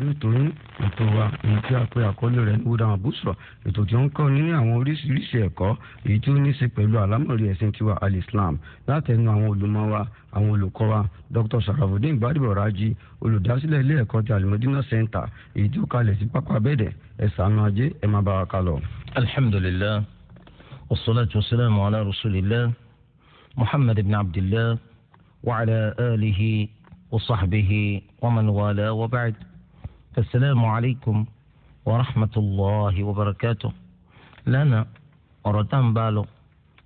nítorí ètò wa èyí tí a pe àkọlé rẹ̀ ní wúdà àbúṣọ ètò tí ó ń kọ́ ní àwọn oríṣiríṣi ẹ̀kọ́ èyí tí ó ní í ṣe pẹ̀lú àlámọ̀rí ẹ̀sìn tiwa alislam látẹnu àwọn olùmọ̀ wa àwọn olùkọ́ wa dr sarafudin gbadebo raji ilé ẹ̀kọ́ ti alimọdínà center èyí tí ó kalẹ̀ sí pápá abẹ́dẹ̀ ẹ̀sánú ajé ẹ̀ má bàa kalọ̀. alhamdulilayi wasalaatu wasalaamu ala rasulillah muhammad ibn abdillah wa ala alihi wa sahbihi wa man wala wa ba'd. السلام عليكم ورحمة الله وبركاته لنا أردان بالو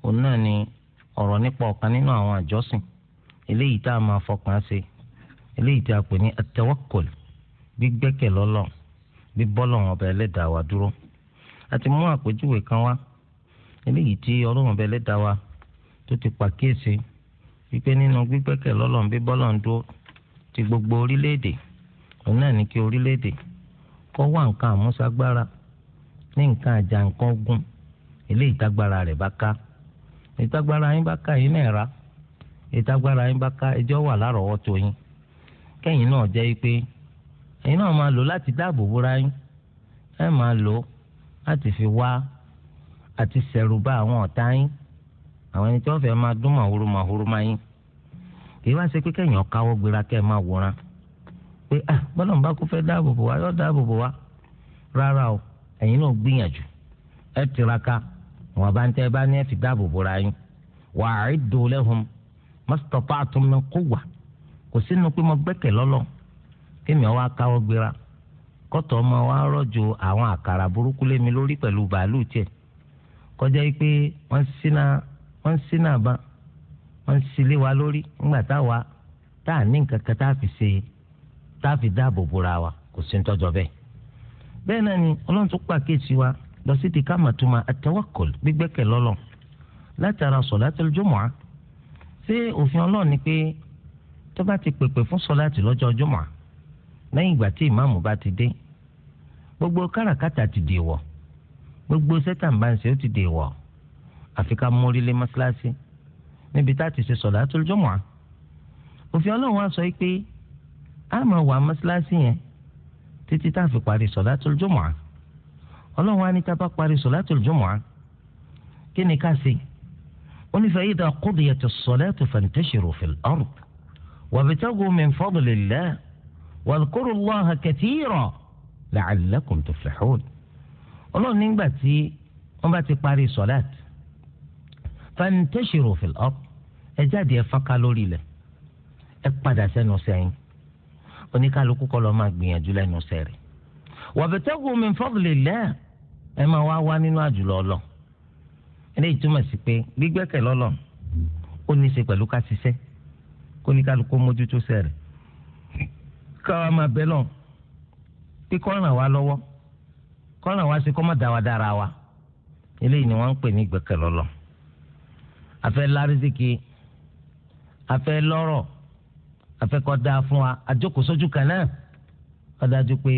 وناني أراني قوقنين وعوان جوسين إليه تاما فوق ناسي إليه تاكوني التوكل gbígbẹ́kẹ̀ lọ́lọ́ bíbọ́lọ́run ọba ẹlẹ́dàá wa dúró àti mú àpèjúwe kan wá eléyìí tí ọlọ́run ọba ẹlẹ́dàá wa ti pàkíyèsí wípé nínú gbígbẹ́kẹ̀ lọ́lọ́run bíbọ́lọ́run ti gbogbo òun náà ní kí orílẹ̀-èdè kọ́ wá nǹkan àmúṣagbára ní nǹkan àjà nǹkan ogun eléyìí tágbára rẹ̀ bá ká ìtagbára yín bá ká yín náà rà ìtagbára yín bá ká ẹjọ́ wà lárọ̀ọ́wọ́tó yín kẹ́yìn náà jẹ́ pé ẹ̀yin náà máa lò láti dáàbò yín ẹ máa lò láti fi wá àti seruba bá àwọn ọ̀tá yín àwọn ẹni tí wọ́n fẹ́ máa dún màhúrú màhúrú máa yín kì í wá ṣe pé kẹ́yìn ọ̀káwọ́ pé ah bọ́lọ̀mù bá kó fẹ́ dáàbò bò wá yọ dáàbò bò wá rárá o ẹ̀yin náà gbìyànjú ẹ tiraka wọn bá ń tẹ́ ẹ bá ní ẹ fi dáàbò bò ra yín wa a'iddu lahum kò sínú pé mo gbẹ́kẹ̀ lọ́lọ́ kémi ọ wá káwọ́ gbéra kọ́tọ̀ ọmọ wa rọ̀jò àwọn àkàrà burúkú kọjá yìí pé wọ́n wọ́n wa táàfì dáàbò bora wa kò sí ntọ́jọ́ bẹ́ẹ̀. bẹ́ẹ̀ náà ni ọlọ́run tún pàkíyèsí wa lọ sí ti kámàtúmá àtẹwàkọ̀l gbígbẹ́kẹ̀ lọ́lọ́ látara sọ̀látìl jumu'a ṣé òfin ọlọ́run ni pé tó bá ti pèpè fún sọ̀láàtì lọ́jọ́ jumu'a lẹ́yìn ìgbà tí ìmáàmù bá ti dé gbogbo káràkátà ti dèwọ̀ gbogbo sẹ́tàǹbáǹsì ó ti dèwọ̀ àfi ká mórílé mọ́ṣáláṣí níbi tá a ti ṣe sọ̀látìl jumu'a òfin ọlọ́run wá sọ pé a máa wà mọ́ṣáláṣí yẹn títí tá a fi parí sọ̀látùl jumu'ah ọlọ́run wa ní tá a bá parí sọ̀látùl jumu'ah kí ni ká ṣe ó ní fa idha qudiyatis salatu fantashiru fil ard wabtaghu min fadlillah wadhkurullaha katira la'allakum tuflihun ọlọ́run nígbà tí wọ́n bá ti parí sọ̀lát fantashiru fil ard ẹ jáde ẹ fọ́nká lórí ilẹ̀ ẹ padà sẹ́nu sẹ́yìn oníkálukú kọ́ lọ́ọ́ máa gbìyànjú lẹ́nu sẹ́rẹ̀ wabtagu min fadlillah ẹ máa wá wá nínú àjùlọ ọlọ eléyìí túmọ̀ sí pé gbígbẹ́kẹ̀ lọ́lọ́ ó ní í ṣe pẹ̀lú ká ṣiṣẹ́ kó ní kálukú mójútó sẹ́rẹ̀ káwa máa bẹ́ lọ pé kọ́ ràn wá lọ́wọ́ kọ́ ràn wá sí kọ́ má dá wa dára wa eléyìí ni wọ́n ń pè ní gbẹ́kẹ̀ lọ́lọ́ afẹ́ lárísìkì afẹ́ lọ́rọ̀ afẹ́kọ́ dáa fún wa àjókòó sójú kan náà ó dájú pé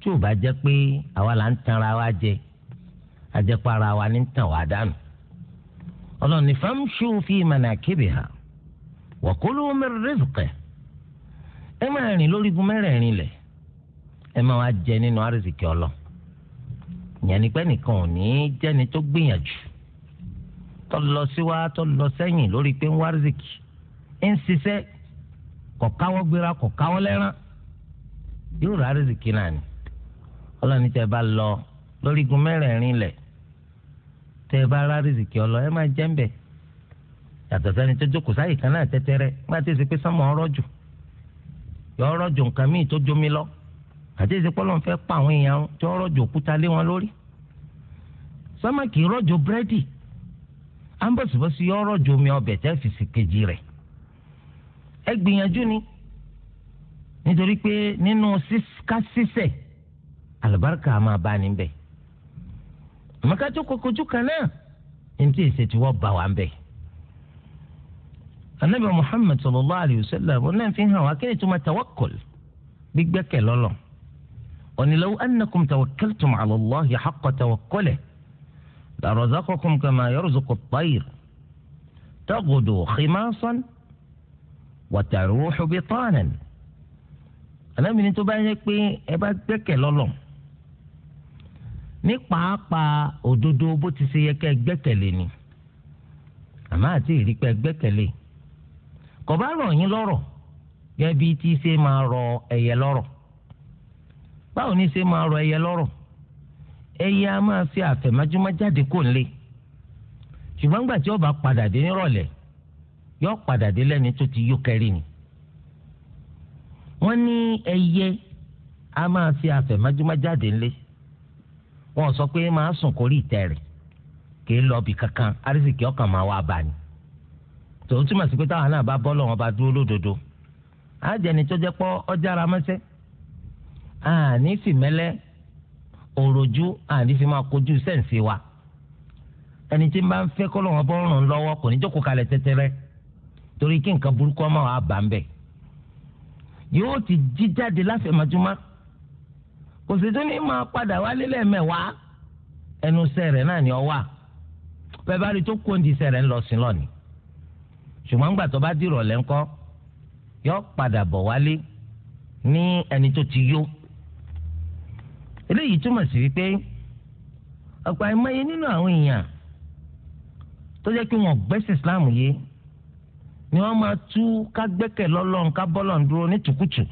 tí ò bá jẹ́ pé àwa là ń tanra wa jẹ àjẹpara wa ní tàn wá dànù. ọlọ́run ní famshu fi manakibiha wa kulu min rizqi ẹ máa rìn lórí igun mẹ́rẹ̀ẹ̀rin lẹ̀ ẹ máa wá jẹ nínú àrísìkí ọlọ́run ìyẹn nìkan ò ní jẹ́ni tó gbìyànjú tó lọ sí wa tó lọ sẹ́yìn lórí pé ń wá àrísìkí ń ṣiṣẹ́ kọ̀káwọ́ gbéra kọ̀káwọ́ lẹ́rán yóò rà rìsíkì náà ni ọlọ́ni tẹ́ bá lọ lórí igun mẹ́rẹ̀ẹ̀rin lẹ̀ tẹ́ bá rà rìsíkì ọlọ ẹ máa jẹ́ ń bẹ̀ yàtọ̀ sẹ́ni tó jókòó sáyè kan náà tẹ́tẹ́rẹ́ nígbà tí èsì pé sánmọ̀ ọ̀rọ̀ yọ ọ̀rọ̀ nǹkan míì tó jómi lọ àti èsì pọ́lọ́ fẹ́ pa àwọn èèyàn tí ọ̀rọ̀ jù òkúta lé wọn lórí sánmọ̀ kì í rọ̀jò búrẹ́dì ambosibosi yọ ọ̀rọ̀ jù omi ọbẹ̀ tẹ́ fi sì kejì rẹ̀ ẹ gbìyànjú ni nítorí pé nínú kásísẹ̀ àlùbáríkà máa bá ní bẹ̀ mọ̀kájú kokojú kan náà ní tí èsì tí wọ́n bá wa ń bẹ̀. anabi muhammed sallallahu alayhi wa sallam ọ̀nà fi hàn wá kí ni tó máa tawakkul gbígbẹ́kẹ̀ lọ́lọ́ òní law annakum tawakkaltum ala Allahi haqqa tawakkulihi la razaqakum kama yarzuqu wàtàrúhù bí tọ́ọ̀nà ni àlẹ́mi ni tó bá yẹ pé ẹ bá gbẹ́kẹ̀ lọ́lọ́ ní pàápàá òdodo bó ti ṣe yẹ kẹ́ gbẹ́kẹ̀lé ni àmọ́ àti ìrìpẹ́ gbẹ́kẹ̀lé kò bá rọ̀ yín lọ́rọ̀ gẹ́gẹ́ bí tí ṣe máa rọ ẹyẹ lọ́rọ̀ báwo ni ṣe máa rọ ẹyẹ lọ́rọ̀ ẹyẹ a máa fi àfẹ̀májúmọ́ kò ń lé ṣùgbọ́n gbà ó bá padà dé nírọ̀lẹ́ yọ padà dé lẹ́ni tó ti yó kẹrí ni. wọ́n ní ẹyẹ a máa fi àfẹ̀májúmájáde ńlẹ̀ wọ́n sọ pé máa sùn kórì ìtẹ́ rẹ̀ kì í lọ́ọ̀bì kankan arísìkí ọkàn máa wá bá ni. tòun túmọ̀ sí pé táwọn náà bá bọ́ lọ́wọ́ bá dúró lódodo àjẹni tó jẹ́ pọ́ ọjàra mọ́sẹ́ àní mẹ́lẹ́ òròjú àní fi máa kojú sẹ́ǹsì wa ẹni tí ń bá ń fẹ́ kọ́ lọ́wọ́ bọ́ ràn lọ́wọ́ kò ní jókòó kalẹ̀ tẹ́tẹ́rẹ́ torí kí nǹkan burúkú ọmọ wa bá ń bẹ̀ yóò ti jí jáde láfẹ̀mọ́júmọ́ kò sì tún ní máa padà wálé lẹ́ẹ̀mẹ́wàá ẹnu sẹ̀rẹ̀ náà ni ọ wà bẹ́ẹ̀ bá rí tó kóńdì sẹ̀rẹ̀ ń lọ sí lọ́ni ṣùgbọ́n gbà tó bá dìrọ̀ lẹ́ńkọ́ yọ padà bọ̀ wálé ní ẹni tó ti yó eléyìí túmọ̀ sí wípé ọ̀pọ̀ àìmọye nínú àwọn èèyàn tó jẹ́ kí wọ́n gbẹ́sẹ̀ Islam yìí ni wọn máa tú ká gbẹ́kẹ̀ lọ́lọ́run ká bọ́lọ́run dúró ní tùkùtù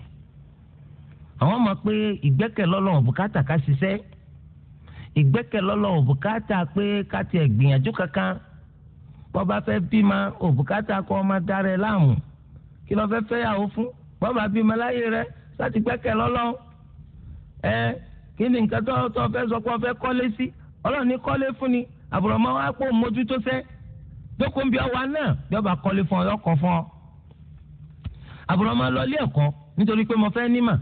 àwọn máa pé ìgbẹ́kẹ̀ lọ́lọ́run bùkátà ká ṣiṣẹ́ ìgbẹ́kẹ̀ lọ́lọ́run bùkátà pé ká tiẹ̀ gbìyànjú kankan bọ́ bá fẹ́ bímọ òbùkátà kọ́ ọmọ dára ẹ láàmú kí lọ́ fẹ́ fẹ́yàwó fún bọ́ bá bímọ láyé rẹ láti gbẹ́kẹ̀ lọ́lọ́run ẹ kí ni nǹkan tó fẹ́ sọ pé fẹ́ kọ́lé sí ọlọ́run ní kọ́lé fún ni àbùrọ̀mọ́ wa jókòó ń bí ọwọ́ náà bí ọba kọ́lé fún ọ yọkọ̀ fún ọ. àbúrò máa lọ ilé ẹ̀kọ́ nítorí pé mo fẹ́ nímà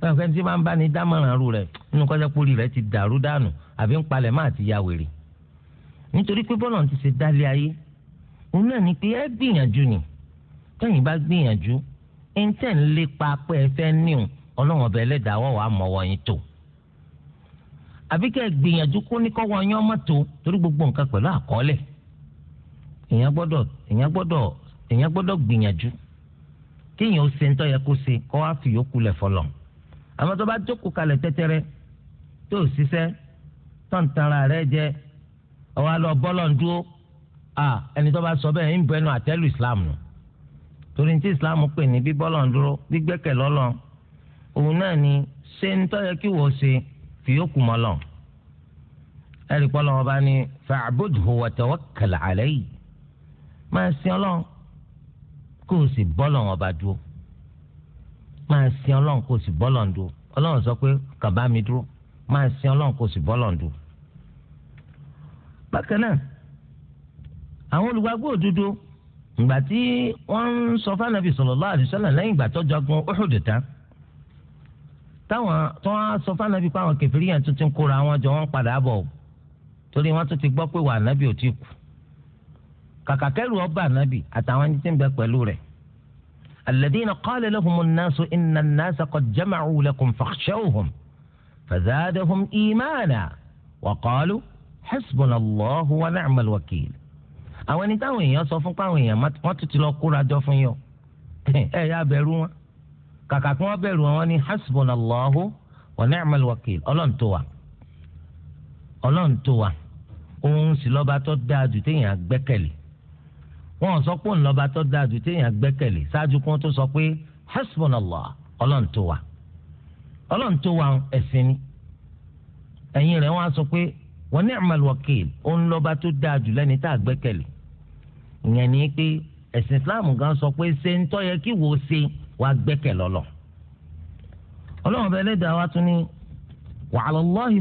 táwọn fẹ́ni tí máa ń bá ní dámọ̀ràn rú rẹ̀ nínú kọ́jà pórí rẹ̀ ti dàrú dànù àbí ń palẹ̀ máa ti ya wèrè. nítorí pé bọ́lá ti ṣe dálé ayé òun náà ni pé ẹ gbìyànjú ni tẹ́yìn bá gbìyànjú ẹ̀ńtẹ̀ ń lépa pé ẹ fẹ́ níhùn ọlọ́run ọbẹ̀ ẹlẹ́dàá wọ̀ mọ́wọ́ yín tó àbí gbìyànjú kó ní kọ́wọ́ yín ọmọ tó torí gbogbo nǹkan pẹ̀lú àkọọ́lẹ̀ èèyàn gbọ́dọ̀ èèyàn gbọ́dọ̀ èèyàn gbọ́dọ̀ gbìyànjú kéèyàn ó ṣe ń tọ́ yẹ kó ṣe kó wá fi yòókù lẹ̀ fọlọ̀ àmọ́ tó bá jókòó kalẹ̀ tẹ́tẹ́rẹ́ tó ṣiṣẹ́ tó ń tanra rẹ jẹ ọwọ́ alọ bọ́lọ̀ ń dúró à ẹni tó bá sọ bẹ́ẹ̀ ń bẹnu àtẹ́lù islam nù torí tí islam pè ní bí bọ́lọ̀ ń dúró gbígbẹ́kẹ̀ lọ́lọ́ òun náà ni ṣé ń tọ́ yẹ kí wọ́n ṣe fi yòókù mọ́ lọ ẹ̀rí pọ́lọ́ wọn bá ní fa'budhu wa tawakkal alayhi máa sin ọlọ́run kó o sì bọ́lọ̀ ọba dúró máa sin ọlọ́run kó o sì bọ́lọ̀ ń dúró ọlọ́run sọ pé kàbá mi dúró máa sin ọlọ́run kó o sì bọ́lọ̀ ń dúró. bákan náà àwọn olùgbàgbọ́ òdodo ìgbà tí wọ́n ń sọ fánàbì sallallahu alaihi wasallam lẹ́yìn ìgbà tó jagun Uhud tán táwọn tó wọ́n sọ fánàbì pé àwọn kẹfìrí yẹn tuntun kóra wọn jọ wọ́n padà bọ̀ torí wọ́n tún ti gbọ́ pé wà nábì ò tí kù kàkà kẹ́rù ọba ànábì àtàwọn ẹni tí ń bẹ pẹ̀lú rẹ̀ alladhina qala lahumu nnasu inna nnasa qad jama'u lakum fakhshawhum fazadahum imana wa qalu hasbunallahu wa ni'mal wakil àwọn ẹni táwọn èèyàn sọ fún páwọn èèyàn wọ́n tún lọ kóra jọ fún yọ ẹ yá bẹ̀rù wọn kàkà kí wọ́n bẹ̀rù wọn ni hasbunallahu wa ni'mal wakil ọlọ́run tó òun sì lọ́ba tó dáa jù téèyàn wọn sọ pé ńlọba tó dáa ju téèyàn gbẹ́kẹ̀lé ṣáájú kí wọ́n tó sọ pé hasbunallah ọlọ́run tó wà ọlọ́run tó wà ẹ̀sìn ni ẹ̀yìn rẹ̀ wọ́n sọ pé wa ni'mal wakil òun tó dáa jù lẹ́ni tá a gbẹ́kẹ̀lé ìyẹn ni pé ẹ̀sìn islam gan sọ pé ṣe ń tọ́ kí wò ṣe wàá gbẹ́kẹ̀lé lọ́lọ́ ọlọ́run bẹ́ẹ̀ lẹ́dàá wa tún ní wa 'ala Allahi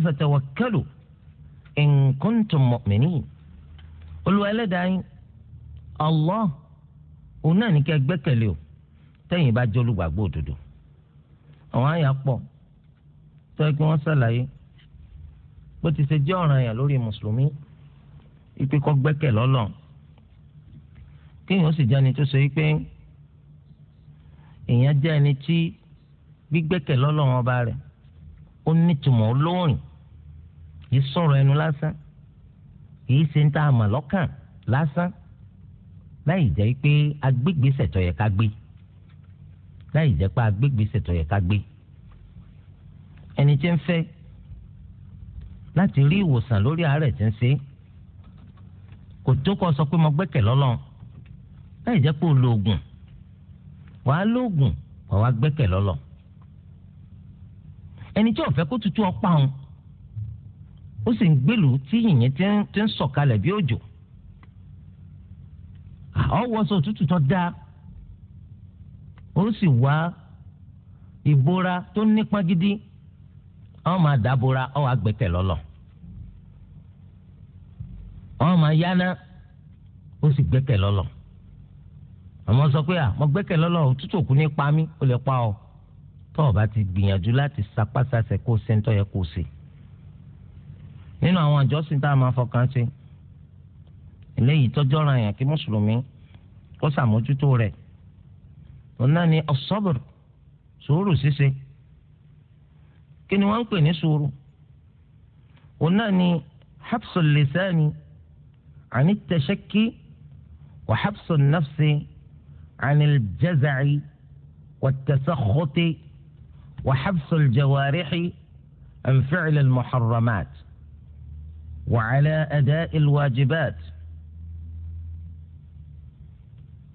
olùwà ẹlẹ́dàá yín Allah òun náà ní kẹ́ gbẹ́kẹ̀lé o tẹ́yìn bá jẹ́ olùgbàgbọ́ òdodo àwọn àyà pọ̀ tó yẹ kí wọ́n ṣàlàyé bó ti ṣe jẹ́ ọ̀ràn yẹn lórí mùsùlùmí ipe kọ́ gbẹ́kẹ̀ lọ́lọ́ kéèyàn sì jẹ́ ẹni tó ṣe pé èèyàn jẹ́ ẹni tí gbígbẹ́kẹ̀ lọ́lọ́ wọn rẹ̀ ó nítumọ̀ olóòrìn yìí sọ̀rọ̀ ẹnu lásán yìí ṣe ń tà àmà lọ́kàn lásán. láì jẹ́ pé agbégbèsè tó ká gbé láì jẹ́ pé ká gbé ẹni tí ń fẹ́ láti rí ìwòsàn lórí àárẹ̀ tí ń ṣe kò tó kọ́ sọ pé mo gbẹ́kẹ̀ lọ́lọ́run láì jẹ́ pé o lo oògùn wàá lo wá gbẹ́kẹ̀ lọlọ ẹni tí kó tutù òun ó sì ń gbèlú ti ń sọ̀kalẹ̀ bí òjò ọ wọṣọ òtútù tó dáa ó sì wá ìbora tó nípa gidi ọ máa dábora ọ wá gbẹ́kẹ̀ lọ́lọ́ ọ máa yáná ó sì gbẹ́kẹ̀ lọ́lọ́ àmọ́ sọ pé à mo gbẹ́kẹ̀ lọ́lọ́ òtútù òkú ní pa mí ó lè pa ọ tó o bá ti gbìyànjú láti sapásásẹ kó o yẹ kó o nínú àwọn àjọsìn tá a máa fọkàn ṣe eléyìí tọ́jọ́ ra yàn kí mùsùlùmí kó sàmójútó rẹ̀ òun náà ni ọ̀sọ́bùrù sùúrù ṣíṣe kí ni wọ́n ń pè ní sùúrù òun náà ni habsul lisani ani tashakki wa habsul nafsi ani aljaza'i wa tasakhuti wa habsul jawarixi an ficil almuharramat wa cala adaa alwaajibaat.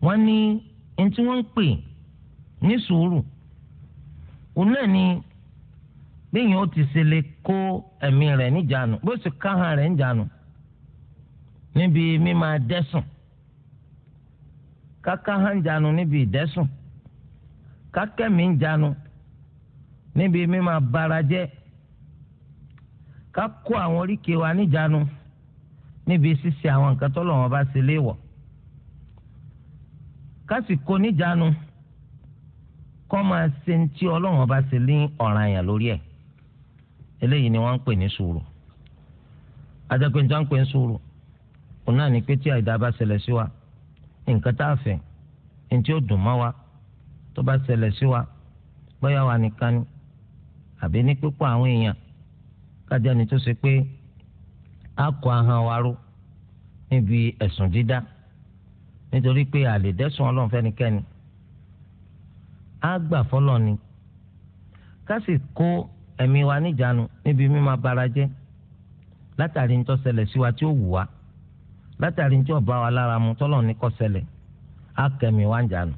wọ́n ní ẹni tí wọ́n ń pè ní sùúrù òun náà ni bẹ́ẹ̀ ó ti ṣe lè kó ẹ̀mí rẹ̀ níjànú bó sì káhàn rẹ̀ níjànú níbi mímá dẹ́sùn kákáhàn níjànú níbi ìdẹ́sùn kákẹ́mí níjànú níbi mímá barajẹ́ ká kó àwọn oríkèé wa níjànú níbi ṣíṣe àwọn nǹkan tó lọ́wọ́ bá ṣe léèwọ̀. kásìkò níjànú kọ́ máa ṣe ń tí ọlọ́run ọba ṣe ní ọ̀ranyàn lórí ẹ̀ eléyìí ni wọ́n ń pè ní sùúrù adẹ́pẹ́ níta ń pè ní sùúrù òun náà ní pé tí àìdá bá ṣẹlẹ̀ sí wa nǹkan tá a fẹ́ ní tí ó wa tó bá ṣẹlẹ̀ sí wa bóyá wa nìkan ni àbí ní pípọ̀ àwọn èèyàn ni tó ṣe pé a kọ ahọ́n wa níbi ẹ̀sùn dídá. nítorí pé àlèdẹ́sùn ọlọ́run fẹ́nikẹ́ni á gbà fọlọ́ ni ká sì kó ẹ̀mí wa níjànú níbi mímọ bara látàrí ń tó ṣẹlẹ̀ tí ó wù wá látàrí ń tí ó wa lára mu ní wa níjànú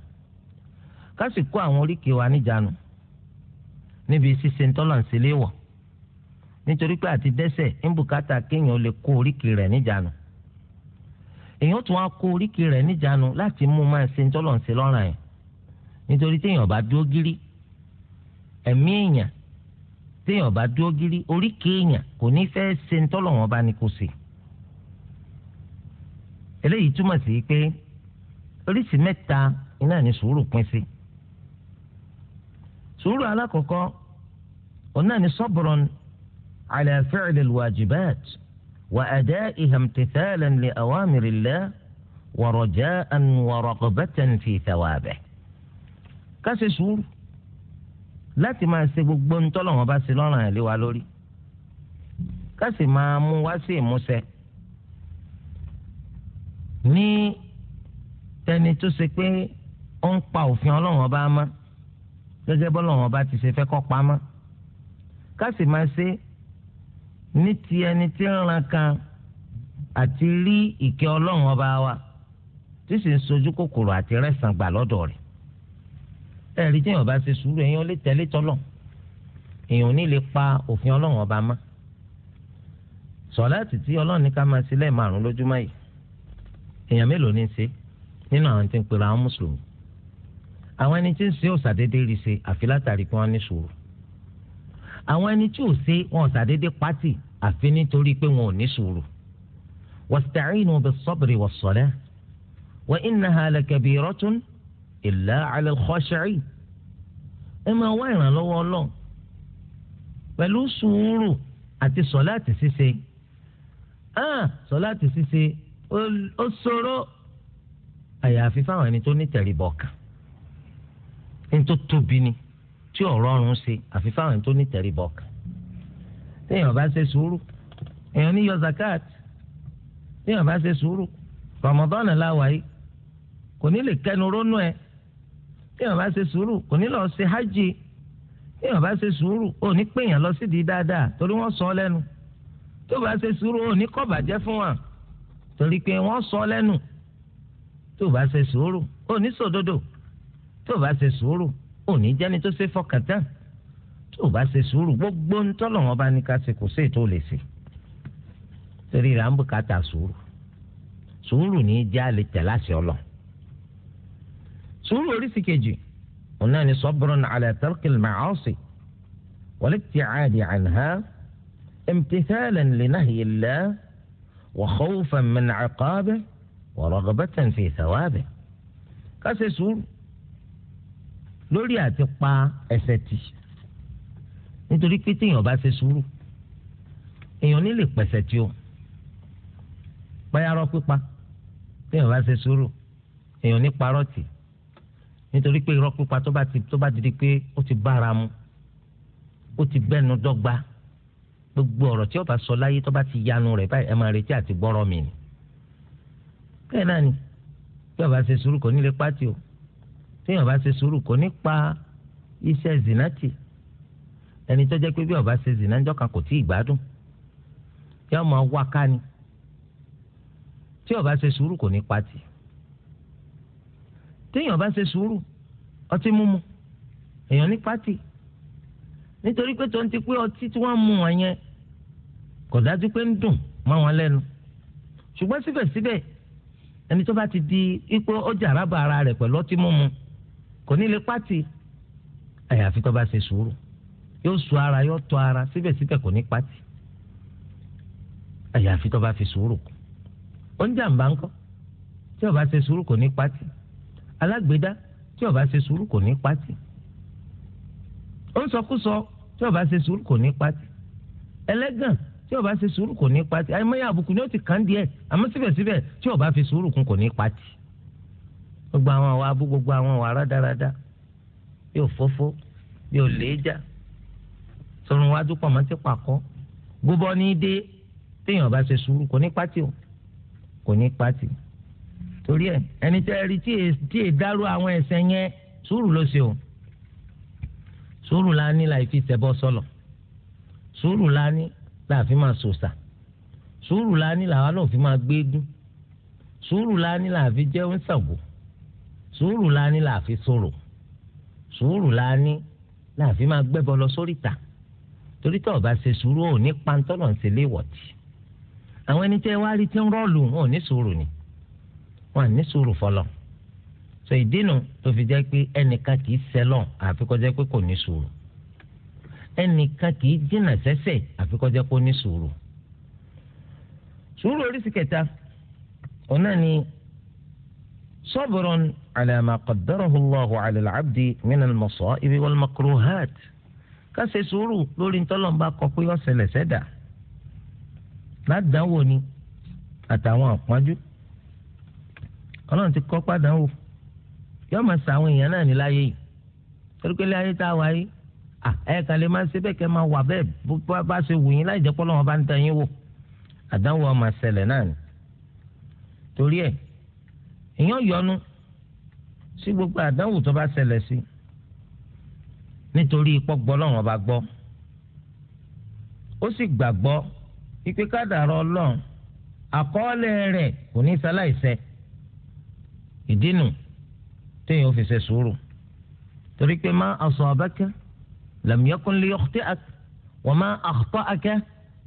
ká sì kó àwọn wa níjànú níbi ṣíṣe sílé wọ̀ nítorí pé àti èèyàn tún á kó oríkèé rẹ̀ níjànú láti mú máa ṣe ńtọ́lọ̀ ńṣe lọ́ràn yẹn nítorí téèyàn bá dúró gírí ẹ̀mí èèyàn téèyàn bá dúró gírí oríkèé èèyàn kò ní fẹ́ ṣe ńtọ́lọ̀ wọn bá ní kó ṣe. eléyìí túmọ̀ sí pé oríṣìí mẹ́ta iná ní sùúrù pín sí. sùúrù alákọ̀ọ́kọ́ òun náà ní sọ́bùrọ̀n ala fi'l al-wajibat وأدائها امتثالا لأوامر الله ورجاء ورغبة في ثوابه كاسي سور لا تما سيبقون طلعوا بس لنا لوالوري كاسي ما مواسي موسى ní tẹni tó ṣe pé ó ń pa òfin ọlọ́run ọba mọ́ gẹ́gẹ́ bọ́lọ́run ọba ti ṣe fẹ́ kọ́ pa mọ́ ká sì máa ṣe ní ti ẹni tí ń ran kan àti rí ìkẹ́ ọlọ́run ọba wa tí sì ń sojú kòkòrò àti rẹ̀sán gbà lọ́dọ̀ rẹ̀ ẹ̀rí tí èèyàn bá ṣe sùúrù èèyàn lè tẹ̀lé tọ́lọ̀ èèyàn ò ní lè pa òfin ọlọ́run ọba mọ́ sọ̀láàtì tí ọlọ́run ní ká máa ṣe lẹ́ẹ̀márùn lójúmọ́ yìí èèyàn mélòó ní í ṣe nínú àwọn tí ń pera àwọn mùsùlùmí àwọn ẹni tí ń ṣe òṣàdédé rí ṣe àfi látàrí pé wọ́n ní sùúrù àwọn ẹni tí ò ṣe wọn ṣàdédé pátì àfi nítorí pé wọn ò ní sùúrù wasta'inu bis-sabri was-salah wa innaha lakabiratun illa 'ala al-khashi'in ẹ máa wá ìrànlọ́wọ́ Ọlọ́run pẹ̀lú sùúrù àti sọ̀láàtì ṣíṣe sọ̀láàtì ṣíṣe ó ṣòro àyàfi fáwọn ẹni tó ní tẹ̀rìbọ̀ kan ní tó tóbi ni tí ọ̀rọ̀ ọ̀run ṣe àfi fáwọn tó ní tẹ̀ríbọ̀ kan téèyàn bá ṣe sùúrù èèyàn ní yọ zakat téèyàn bá ṣe sùúrù Ramadan làwà yìí kò ní lè kẹnu rónú ẹ téèyàn bá ṣe sùúrù kò ní lọ ṣe hajj téèyàn bá ṣe sùúrù ò ní pèèyàn lọ sídìí dáadáa torí wọ́n sọ ọ lẹ́nu tó bá ṣe sùúrù ò ní kọ́ bàjẹ́ fún wa torí pé wọ́n sọ ọ lẹ́nu tó bá ṣe sùúrù ò ní sòdodo tó bá ṣe sùúrù òní jẹ́ni tó ṣe fọkàn tí o bá ṣe sùúrù gbogbo ń tọ́lọ̀ wọn bá ní ká ṣe kò sí ètò lè torí rà ń bùkátà sùúrù sùúrù ní í je ale tẹ̀ láṣẹ ọlọ sùúrù oríṣi kejì òun náà ni ale maa sabrun ala tarkil ma'asi wal-ibti'adi anha imtithalan li nahyi Allah wa khawfan min 'iqabihi wa raghbatan fi thawabihi ká ṣe sùúrù lórí àti pa ẹsẹ̀ tì nítorí pé téèyàn bá ṣe sùúrù èèyàn nílè pẹ̀sẹ̀ tí o pẹ́yàrọ́ pípa téèyàn bá ṣe sùúrù èèyàn ní parọ́ tì nítorí pé irọ́ pípa tó bá ti tó bá ti di pé ó ti bára mu ó ti bẹ́nu dọ́gba gbogbo ọ̀rọ̀ tí ó bá sọ láyé tó bá ti yanu rẹ̀ báyìí ẹ máa retí àti gbọ́rọ̀ mi ni bẹ́ẹ̀ náà ni bí ó ṣe sùúrù kò nílè pátì o téèyàn bá ṣe sùúrù kò ní pa iṣẹ́ zina tì ẹni tó jẹ́ pé bí ọba ṣe zina ńjọ́ kan kò tí ì gbádùn yọ ọmọ wá ká ni tí ọba ṣe sùúrù kò ní pa tì téèyàn bá ṣe sùúrù ọtí mímu èèyàn ní tì nítorí pé tó ń ti pé ọtí tí wọ́n mú wọn yẹn kò dájú pé ń dùn mọ́ wọn lẹ́nu ṣùgbọ́n síbẹ̀síbẹ̀ ẹni tó bá ti di ipò ọjà arábà ara rẹ̀ pẹ̀lú ọtí mímu kò ní lè pàtì àyàfi tó bá ṣe sùúrù yóò sùn ara yóò tọ́ ara síbẹ̀síbẹ̀ kò ní pàtì àyàfi tó bá fi sùúrù kù oníjàmbá ńkọ́ tí ó bá ṣe sùúrù kò ní pàtì alágbèédá tí ó bá ṣe sùúrù kò ní pàtì òǹsọkúsọ tí ó bá ṣe sùúrù kò ní pàtì ẹlẹ́gàn tí ó bá ṣe sùúrù kò ní pàtì àìmọye àbùkù ni ó ti kàn díẹ̀ àmọ́ síbẹ̀síbẹ̀ tí ó bá fi sùúrù kún kò ní pàtì gbogbo àwọn àwọn abú gbogbo àwọn àwọn aráadáradá bí òfófó bí òléjà sọ̀rọ̀ wájú pọ̀ mọ́tí pàkọ́ gbogbo ní dé téèyàn bá ṣe sùúrù kò ní pátì o kò ní pátì torí ẹ ẹni tẹ́ ẹ rí tí èè dárú àwọn ẹ̀ṣẹ̀ yẹn sùúrù ló ṣe o sùúrù la ní láì fi tẹ̀ bọ́ sọ̀lọ̀ sùúrù la ní láà fi máa sòsà sùúrù la ní làwa náà fi máa gbé gún sùúrù la ní làá fi jẹun sùúrù la ní la fi sọ̀rọ̀ sùúrù la ní la fi máa gbẹ́bọ lọ sórí ta torí tó o bá ṣe sùúrù ò ní pantọ́lọ̀ ń ṣe léwọ̀tì àwọn ẹni tẹ́ wá rí tí ń rọ́ọ̀lù ò ní sùúrù ni wọn à ní sùúrù fọlọ́ sọ ìdínà tó fi jẹ́ pé ẹnìkan kì í sẹ́lọ̀ àfi kó jẹ́ pé kò ní sùúrù ẹnìkan kì í dínà sẹ́sẹ̀ àfi kó jẹ́ ní sùúrù sùúrù oríṣi kẹta òun ni صبر على ما قدره الله على العبد من المصائب والمكروهات kásẹ̀ sùúrù lórí ntọ́lọ́mùbá kọ pé ó ṣẹlẹ̀ sẹ́dà ládàáwò ni àtàwọn àpọ́njú ọlọ́run ti kọ́ pàdánwò yóò máa ṣàwọn èèyàn náà ní láyé yìí torí pé láyé tá a wáyé ẹ̀ẹ̀kan lè máa ṣe bẹ́ẹ̀ kẹ́ máa wà bẹ́ẹ̀ bá ṣe wù yín láì jẹ́ pé ọlọ́run bá ń tẹ̀ yín wò àdánwò ó máa ṣẹlẹ̀ náà ni torí ẹ̀ ìyàn yọnu sí gbogbo àdánwò tó bá ṣẹlẹ̀ sí nítorí ipò gbọ́ lọ́wọ́n ọba gbọ́ ó sì gbàgbọ́ ipe kádàrá ọlọ́run àkọọ́lẹ̀ rẹ̀ kò ní sáláìsẹ́ ìdínú téèyàn ò fi ṣe sùúrù torí pé ma asabaka lam yakun li yukhti'ak wa ma akhta'aka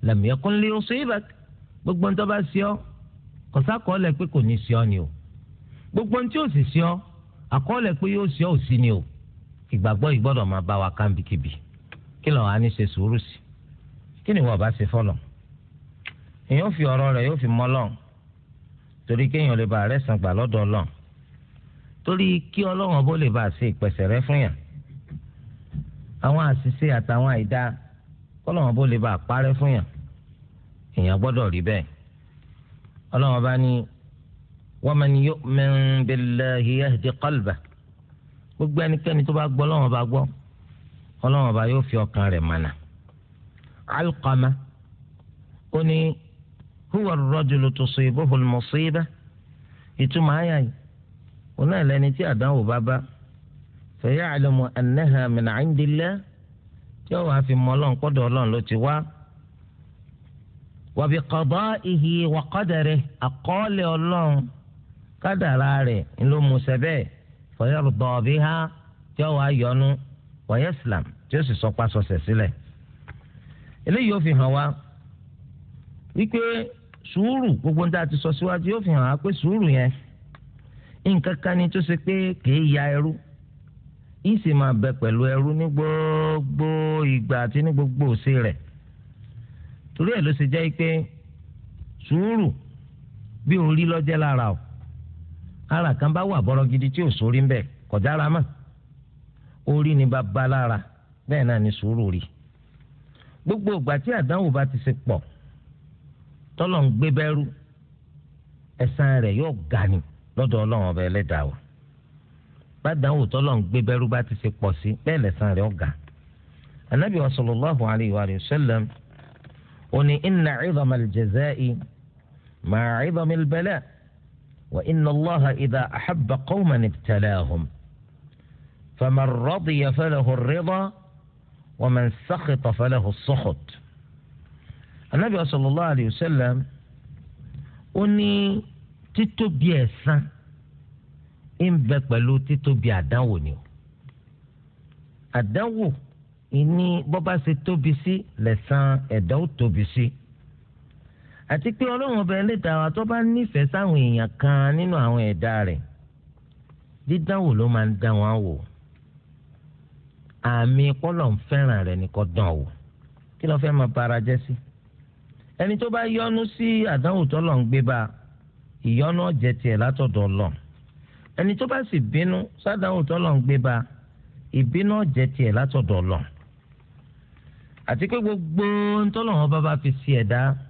lam yakun li yusibak gbogbo ń tó bá sí ọ kọ̀sákọ̀ọ́lẹ̀ pé kò ní sí ọ ni o gbogbo ohun tí ò sì sí ọ àkọọ́lẹ̀ pé yóò sí ọ ò sí ni o ìgbàgbọ́ ìgbọ́dọ̀ máa bá wa kábíkíbi kí lọ́wọ́ á ní ṣe sùúrù sí kí ni wọ́n bá ṣe fọ́lọ̀ èèyàn fi ọ̀rọ̀ rẹ̀ yóò fi mọ́ lọ́n torí kéèyàn lè bá rẹ̀ sàn gbà lọ́dọ̀ ọlọ́n torí kí ọlọ́wọ́n bó lè bá ṣe ìpẹ̀sẹ̀ rẹ fún yàn àwọn àṣìṣe àtàwọn àìdá kọ́lọ́wọ́n bó lè bá parẹ́ fún yàn èèyàn gbọ́dọ̀ rí bẹ́ẹ̀ ọlọ́wọ́n bá ní waman yu'min billahi yahdi qalbah gbogbo ẹnikẹ́ni tó bá gbọ́ lọ́wọ́n bá gbọ́ ọlọ́wọ́n bá yóò fi ọkàn rẹ̀ mọ̀nà. alqama ó ní huwa ar-rajulu tusibuhu al-musiba ìtumọ̀ àyà yìí òun náà lẹni tí àdánwò bá bá fa ya'lamu annaha min 'indillah tí ó wàá fi mọ kọ́dọ̀ ọlọ́run ló ti wá. wa bi qada'ihi wa qadarihi ọlọ́run kádàrá rẹ̀ ló Musa sẹ́bẹ̀ fọyọ́rùbọ̀ ọ̀bí ha tí ó wàá yọnu wọ̀nyẹ́ islam tí ó sì sọ sílẹ̀. eléyìí ó fi hàn wá wípé sùúrù gbogbo ń ti sọ síwájú yóò fi hàn wá pé sùúrù yẹn nǹkan kan ni tó ya ẹrú yìí sì máa bẹ pẹ̀lú ẹrú ní gbogbo ìgbà àti ní gbogbo òsè rẹ̀ torí ẹ̀ ló ṣe jẹ́ pé sùúrù bí orí o ara kan bá wà bọ́rọ̀ gidi tí ò sórí ń bẹ̀ kọjára mọ́ orí ni bàbá lára bẹ́ẹ̀ náà ni sùúrù rí gbogbo ìgbà tí àdánwò bá ti ṣe pọ̀ tọ́lọ̀ ń gbé bẹ́rú ẹ̀san rẹ̀ yóò ga ni lọ́dọ̀ ọlọ́run ọba ẹlẹ́dàá wa bàdánwò tọ́lọ̀ ń gbé bẹ́rú bá ti ṣe pọ̀ sí bẹ́ẹ̀ lẹ̀san rẹ̀ ó anabi wa sallallahu alayhi wa sallam ó ní inna 'idhamal jazaa'i ma'a 'idhamil وإن الله إذا أحب قوما ابتلاهم فمن رضي فله الرضا ومن سخط فله السخط النبي صلى الله عليه وسلم أني تتو بيسا إن بقبلو تتو بي بيادوني أدوه إني بابا ستو بيسي لسان أدو تو بيسي àti pé ọlọ́run ọba ẹlẹ́dàá wa tó bá nífẹ̀ẹ́ sáwọn èèyàn kan nínú àwọn ẹ̀dá rẹ̀ dídánwò ló máa ń dá wọn wò àmì pọ́lọ̀ ń fẹ́ràn rẹ̀ ní kò wò kí ló fẹ́ máa bara jẹ́ sí. ẹni tó bá yọnu sí àdánwò tọ́lọ̀ ń gbé bá ìyọnu ọ̀jẹ̀ tiẹ̀ látọ̀dọ̀ lọ ẹni tó bá sì bínú sádánwò tọ́lọ̀ ń gbé bá ìbínú ọ̀jẹ̀ tiẹ̀ látọ̀dọ̀ lọ àti pé gbogbo ntọ́lọ̀ bá bá fi sí ẹ̀dá. E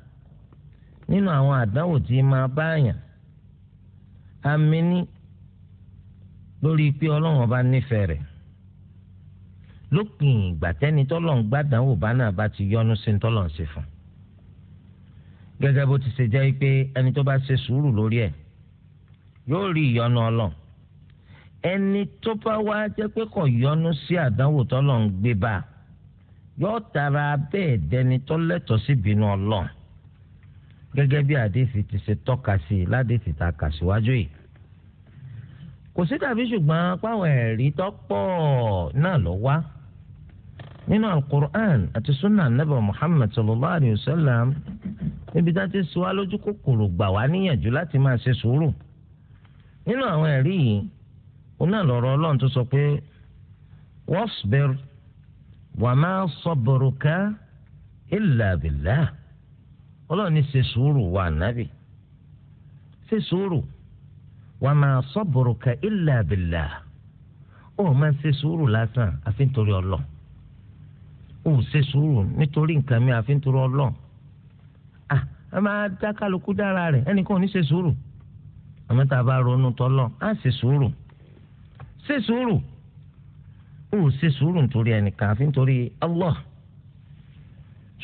nínú àwọn àdánwò tí máa bá àyàn àmì ní lórí pé ọlọ́run ọba nífẹ̀ẹ́ rẹ̀ lópin ìgbà tẹ́ni tọ́lọ́run gbàdánwò bá náà bá ti yọnu sí tọ́lọ́run ṣe fún gẹ́gẹ́ bó ti ṣe jẹ́ pé ẹni tó bá ṣe sùúrù lórí ẹ̀ yóò rí ìyọnu ọlọ́run ẹni tó bá wá jẹ́ pé kò yọnu sí àdánwò tọ́lọ́run gbé bá yóò tara bẹ́ẹ̀ dẹni tọ́lẹ́tọ̀ sí bínú ọlọ́run gẹ́gẹ́ bí àdéhìí ti ṣe tọ́ka sí i ládéhìí ta kà síwájú yìí kò sí tàbí ṣùgbọ́n páwọn ẹ̀rí tọ́pọ̀ náà ló wá nínú alukur'an àti sunnah nabi muhammad sallallahu alayhi wa sallam níbi tá a ti sọ wá lójú kòkòrò gbà wá níyànjú láti máa ṣe sùúrù nínú àwọn ẹ̀rí yìí òun náà lọ́rọ̀ ọlọ́run tó sọ pé wasbir wa ma sabruka illa billah ọlọ́run ní ṣe sùúrù wà nábì ṣe sùúrù wà máa sabruka illa billah ó máa ṣe sùúrù lásán àfi nítorí ọlọ́ ó ṣe sùúrù nítorí nǹkan mi àfi nítorí ọlọ́ à ah, ẹ máa dá kálukú dára rẹ̀ ẹnìkan ò ní ṣe sùúrù àmọ́ tá a bá ronú tọ́lọ́ á ṣe sùúrù ṣe sùúrù ó ṣe sùúrù nítorí ẹnìkan àfi nítorí Allah.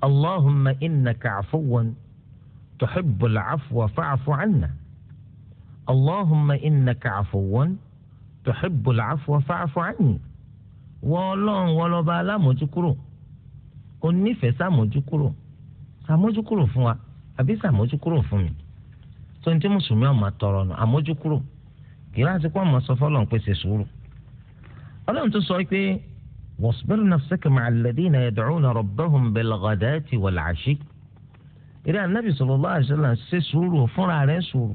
allahumma innaka afuwan tuhibbul afwa fa'fu anna allahumma innaka afuwan tuhibbul afwa fa'fu anni wọ́n ọlọ́run wọ́n lọ́ba alámójúkúrò onífẹ̀ẹ́ sàmójúkúrò sàmójúkúrò fún wa àbí sàmójúkúrò fún mi tó ní tí mùsùlùmí ọ̀ máa tọrọ nù àmójúkúrò kì í láti kó àmọ́ sọ fọ́lọ́n pé ṣe sùúrù ọlọ́run tó sọ pé واصبر نفسك مع الذين يدعون ربهم بالغداة والعشي إلى النبي صلى الله عليه وسلم سسور وفرع رسول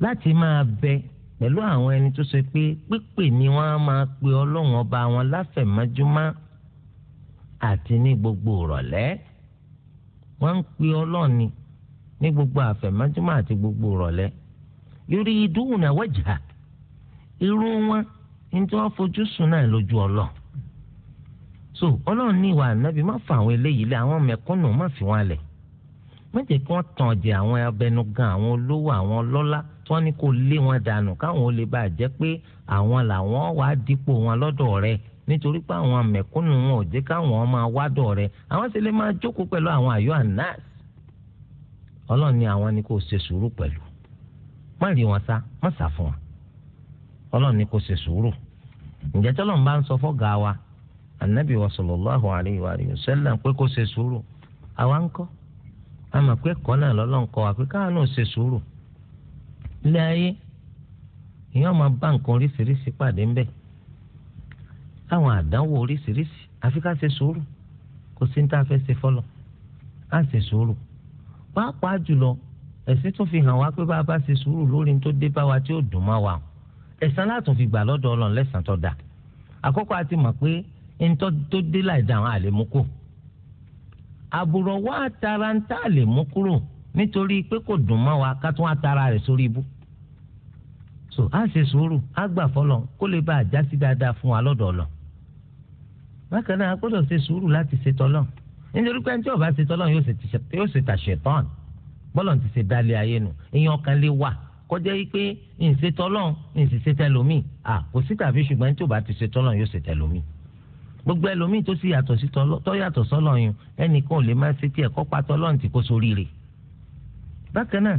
láti máa bẹ pẹ̀lú àwọn ẹni tó ṣe pé pípè ni wọ́n á máa pe ọlọ́run ọba wọn láfẹ̀mọ́júmọ́ àti ní gbogbo ìrọ̀lẹ́ wọ́n ń pe ọlọ́run ni ní gbogbo àfẹ̀mọ́júmọ́ àti gbogbo ìrọ̀lẹ́ yoriduna wajha irú wọn nítorí wọn fojú sùn náà lójú ọlọ so Ọlọ́run ní ìwà ànábì má fa àwọn eléyìí lé àwọn mẹ̀kúnnù má fi wọn lẹ̀ má jẹ́ kí wọ́n tàn jẹ àwọn abẹnugan àwọn olówó àwọn ọlọ́lá tí wọ́n ní kó lé wọn dànù káwọn ó lè bá jẹ́ pé àwọn làwọn wà á dípò wọn lọ́dọ̀ rẹ̀ nítorí pé àwọn mẹ̀kúnnù wọn ò jẹ́ káwọn máa wádọ̀ rẹ̀ àwọn sì lè máa jókòó pẹ̀lú àwọn àyọ ànáàs Ọlọ́run ní àwọn ni kò ṣe sùúrù pẹ̀lú má rí wọn sá má sá fún wọn ọlọ́run ní kò ṣe sùúrù ǹjẹ́ tọ́lọ́run bá ń sọ fọ́gà wa anabi wa sallallahu alayhi wa sallam pé kò ṣe sùúrù àwa ń kọ́ àmọ́ pé kọ́ náà lọ́lọ́run kọ́ wa pé káwọn náà ṣe sùúrù ilé ayé èèyàn máa bá nǹkan oríṣiríṣi pàdé ńbẹ láwọn àdánwò oríṣiríṣi àfi ká ṣe sùúrù kò sí ní tá a fẹ́ ṣe fọlọ́ á ṣe sùúrù pàápàá jùlọ ẹ̀sìn tún fi hàn wá pé bá a bá ṣe sùúrù lórí ní tó dé bá wa tí ó dùn má wa o ẹ̀san látún fi gbà lọ́dọ̀ ọlọ́run lẹ́san tó dà àkọ́kọ́ àti mọ̀ pé ntọ́ tó dé láì dá àwọn àlè mú kù àbùrọ̀ wá tara ń tá àlè mú kúrò nítorí pé kò dùn mọ́ wa ká tún wá tara rẹ̀ sórí ibú so a ṣe sùúrù a gbà fọlọ kó lè bá a já sí dáadáa fún wa lọ́dọ̀ ọlọ bákan náà gbọ́dọ̀ ṣe sùúrù láti ṣe tọlọ nítorí pé ẹni tí ó ṣe tọlọ yóò ṣe tàṣetán bọlọ ti ṣe dálé ayé nu ìyẹn ọkàn lè wà kọjá yìí pé ìṣètọ́lọ́ ìṣètẹ́lómi à kò sí tàbí ṣùgbọ́n tí ò bá ti ṣètọ́lọ́ yóò ṣètẹ́lómi gbogbo ẹlòmíì tó sì yàtọ̀ sí tọ́ yàtọ̀ sọ́lọ́ yìí ẹnìkan ò lè má ṣe tiẹ̀ kọ́ patọ́ lọ́n ti kó sórí rẹ̀ bákan náà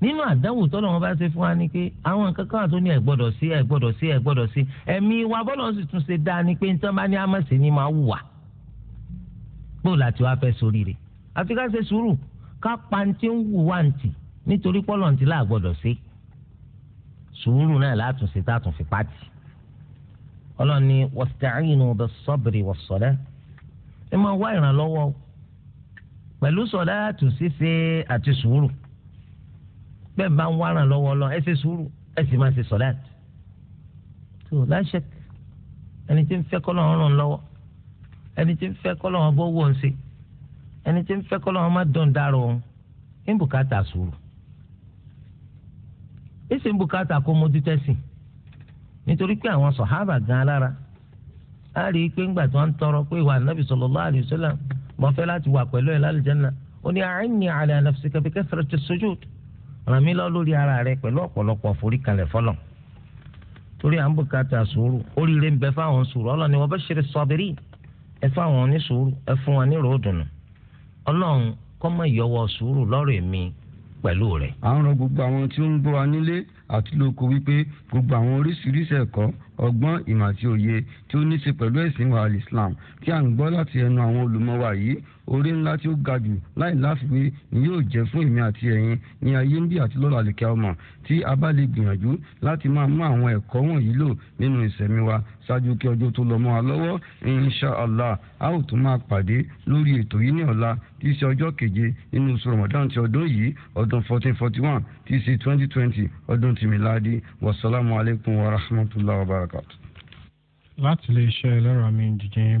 nínú àdánwò tọ́lọ́ wọn bá ṣe fún wa ni pé àwọn nǹkan kan tó ní ẹ̀gbọ́dọ̀ sí ẹ̀gbọ́dọ̀ sí ẹ̀gbọ́dọ̀ sí ẹ̀mí wa bọ́lọ̀ sì tún ṣe dáa ni pé nítorí bá ní ni máa wù wá bó láti wá fẹ́ sórí rẹ̀ àfi ṣe sùúrù ká pa ní tí ń wù wá ní tì nítorí pọ́lọ́ǹtì là gbọ́dọ̀ ṣe sùúrù náà látúnṣe tátún fi pàtì ọlọ́ni wasta'inu bis-sabri was ẹ máa wá ìrànlọ́wọ́ pẹ̀lú sọ̀dá àtúnṣe àti sùúrù bẹ́ẹ̀ bá ń wá ìrànlọ́wọ́ lọ ẹ ṣe sùúrù ẹ sì máa ṣe sọ̀dá tó láṣẹ ẹni tí ń fẹ́ kọ́ lọ́wọ́ ràn lọ́wọ́ ẹni tí ń fẹ́ kọ́ lọ́wọ́ bó wọ́n ṣe ẹni tí ń fẹ́ kọ́ lọ́wọ́ má dán dára òun ń bùkátà sùúrù. isi ń bùkátà kó mójú tẹ́sìn nítorí pé àwọn sọ̀hábà gan alára a rí i pé ńgbà tí wọ́n ń tọrọ pé ìwà ànábì sallallahu alaihi wasallam mo fẹ́ láti wà pẹ̀lú ẹ̀ ó ala ràn mí lọ ara rẹ pẹ̀lú ọ̀pọ̀lọpọ̀ foríkalẹ̀ fọlọ̀ torí à ń bùkátà sùúrù oríire ń bẹ fáwọn sùúrù ọlọ́ni ẹ fáwọn ẹ fún wọn ní ọlọ́run pẹ̀lú rẹ̀. à ń rọ gbogbo àwọn tí ó ń gbọ́ wa nílé àti lóko wípé gbogbo àwọn oríṣiríṣi ẹ̀kọ́ ọgbọ́n ìmọ̀ àti òye tí ó ní í ṣe pẹ̀lú ẹ̀sìn wa al-Islam tí à ń gbọ́ láti ẹnu àwọn olùmọ̀ wa yìí orí ńlá tí ó ga jù láì láfiwé ni yóò jẹ́ fún èmi àti ẹ̀yin ní ayé ń bí àti lọ́la lè kí tí a bá lè gbìyànjú láti máa mú àwọn ẹ̀kọ́ wọ̀nyí lò nínú ìsẹ̀mí wa ṣáájú kí ọjọ́ tó lọ mọ́ wa lọ́wọ́ insha allah a ó tún máa pàdé lórí ètò yìí ní ọ̀la tí í ṣe ọjọ́ keje nínú oṣù ramadan ti ọdún yìí ọdún fourteen forty one tí í ṣe twenty twenty ọdún Tìmíládé wasalaamualeykum wa rahmatulahi wa barakatu. láti lè ṣe ẹlẹ́rọ mi jíjìn